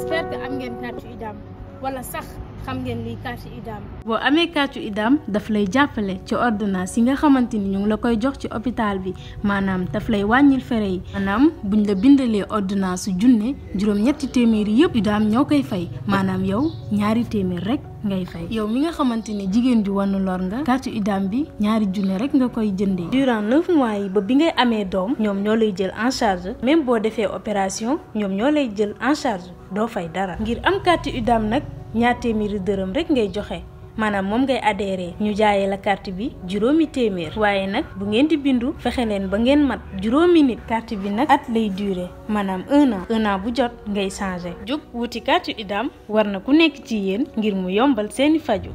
j'espère que am ngeen carte yu jàmm wala sax xam ngeen ni carte IDAM. boo amee carte IDAM daf lay jàppale ci ordonnance yi nga xamante ni ñu ngi la koy jox ci hôpital bi maanaam daf lay wàññil fere yi. maanaam buñ la bindalee ordonnance su junne juróom-ñetti téeméeri yëpp idaam ñoo koy fay maanaam yow ñaari téeméer rek ngay fay. yow mi nga xamante ni jigéen ju wanu lor nga carte IDAM bi ñaari junne rek nga koy jëndee. durant neuf mois yi ba bi ngay amee doom ñoom ñoo lay jël en charge même boo defee opération ñoom ñoo lay jël en doo fay dara. ngir am carte IDAM nag. ñaar téeméeri dërëm rek ngay joxe maanaam moom ngay adhéré ñu jaayee la carte bi juróomi téeméer waaye nag bu ngeen di bindu fexe leen ba ngeen mat juróomi nit carte bi nag at lay duré maanaam un an bu jot ngay changé jóg wuti carte idam war na ku nekk ci yéen ngir mu yombal seeni faju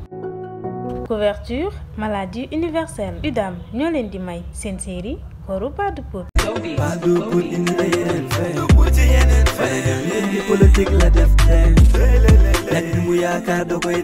couverture maladie universelle UDAM ñoo leen di may seen série koru Paddu Pod yaakaar du pudd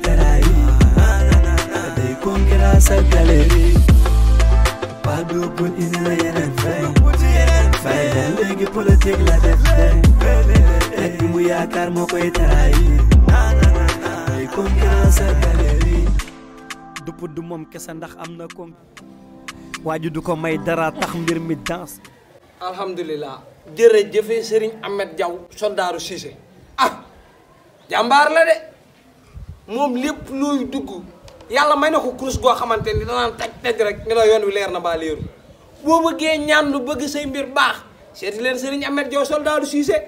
moom kese ndax am na kon waaju du ko may dara tax mbir mi danse alhamdulilah jërëjëfe Serigne Ahmed Diaw soldaaru Cissé ah jàmbaar la de moom lépp looy dugg yàlla may na ko kurus goo xamante ni danaan taj taj rek nga ne yoon wi leer na baa leeru boo bëggee ñaan lu bëgg say mbir baax seeti leen sëriñ Amet Jow soldat daalu Siise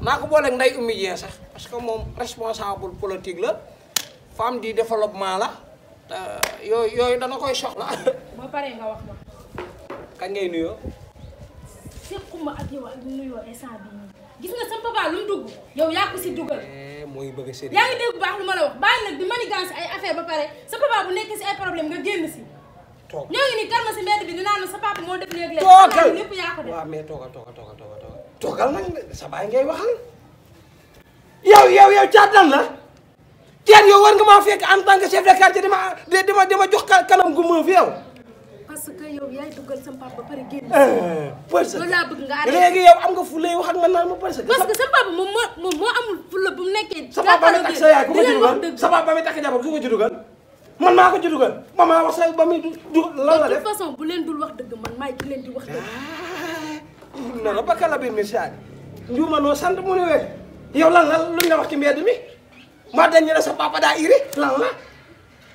naa ko booleeg nday ummi jeen sax parce que moom responsable politique la femme di développement la yooyu yooyu dana koy soxla. ba pare ma. kañ ngay nuyoo. bokkuma ak gis nga sama lu mu dugg yow yaa si dugal. Eh, mooy a séddee. yaa ngi dégg baax lu ma la wax bàyyi nag di manigance ay affaire ba pare sa papa bu nekk si ay problème nga génn si. toog ñoo ngi nii si mbedd bi dinaa ne sa papa moo def léeg-léeg. toogal lépp sa baay ngay waxal. yow yow yow caataan la. teel yow war nga maa fekk en tant que chef de quartier dama dama dama jox kanam gu fi yow. parce que yow yaay dugal sa papa ba pare génn. Eh, parce que loolu laa bëgg nga arrêté léegi yow am nga fu lay wax ak man naan ma parce que. parce que sa papa moom moo moo amul fu la bu mu nekkee. sa papa mi takk sa yaay ku ko ci dugal sa papa mi takk jabar ku ko ci dugal. man maa ko ci dugal man maa wax sa ba muy du lan la def de toute façon bu leen dul wax dëgg man maay ki leen di wax dëgg. Ah, non non ba kala bi misaal njuuma noo sant mu ne yow lan la luñ la wax ci mbedd mi maa dañ ne sa papa daa iri lan la.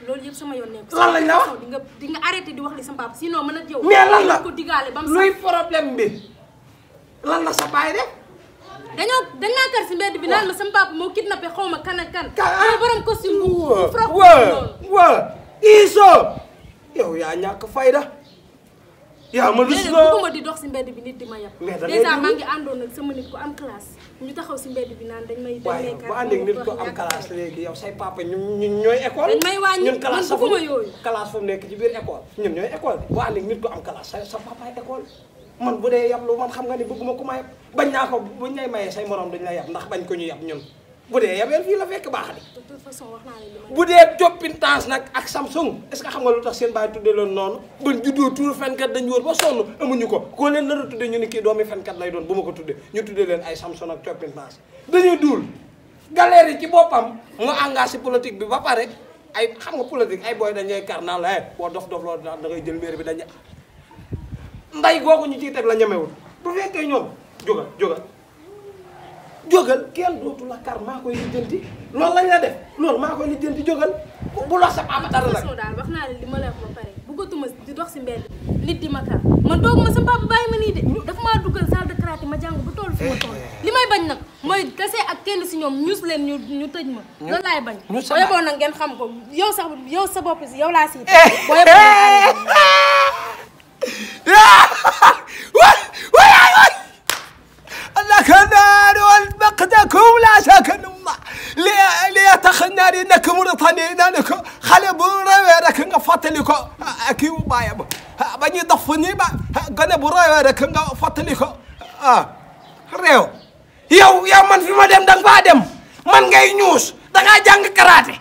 loolu yëpp sama yoon nekk lan lañ la wax di nga di nga arrêté di wax li sama si sinon mën a yow mais lan la ko digaale ba mu luy problème bi lan la sa baay de dañoo dañ naa kar si mbedd bi naan ma sama papa moo kidnappé xaw ma kan ak kan mooy ah, borom costume bu fraw waaw waaw iso yow yaa ñàkk fayda yaa ma rus la bëgguma di dox si mbedd bi nit di ma yab dèjà maa ngi àndoon nag sama nit ku am classe ñu taxaw si mbedd bi naan dañ may waaye bu àndee nit ku am classe léegi nekk ci biir école ñun ñooy école bu àndee nit ku sa sa papa man bu dee yab lu man xam nga ne bëgguma ko ma yab bañ naa ko buñ lay mayee say morom dañ lay yab ndax bañ ko ñu yab ñun bu dee yabeel fii la fekk baax de. bu dee Joppintaas nag ak Samsung est ce que xam nga lu tax seen baay tuddee loon noonu ban juddoo tuur fenkat dañu wër ba sonn amuñu ko koo leen nar a tuddee ñu ni kii doomi fenkat lay doon bu ma ko tuddee ñu tuddee leen ay Samsung ak Joppintaas dañuy duul galère yi ci boppam mu engagé politique bi ba pare ay xam nga politique ay booy dañuy kar naan la eh, boo dof dof loolu da ngay jël maire bi dañuy nday googu ñu ciy teg la ñemewul bu fekkee ñoom jóga jóga jógal kenn dootu la kar maa koy lijjanti loolu lañ la def loolu maa koy lijjanti jógal bu la sa papa dara nag. daal wax naa ne li ma la wax ba pare bëggatuma di dox si mbedd nit di ma kar man dooguma sa papa bàyyi ma nii de dafa maa duggal salle de karaté ma jàng ba toll fi ma toll li may bañ nag mooy tase ak kenn si ñoom ñus leen ñu ñu tëj ma. loolu laay bañ. ñu sa boo yeboon a ngeen xam ko yow sa yow sa bopp si yow laa siy. boo yeboon na Mauritanie daanaka xale bu rawee rek nga fàttali ko kii wu baayam ba ñuy dox fu ba gone bu rawee rek nga fàttali ko ah réew. yow yow man fi ma dem danga faa dem man ngay ñuus dangaa jàng karaate.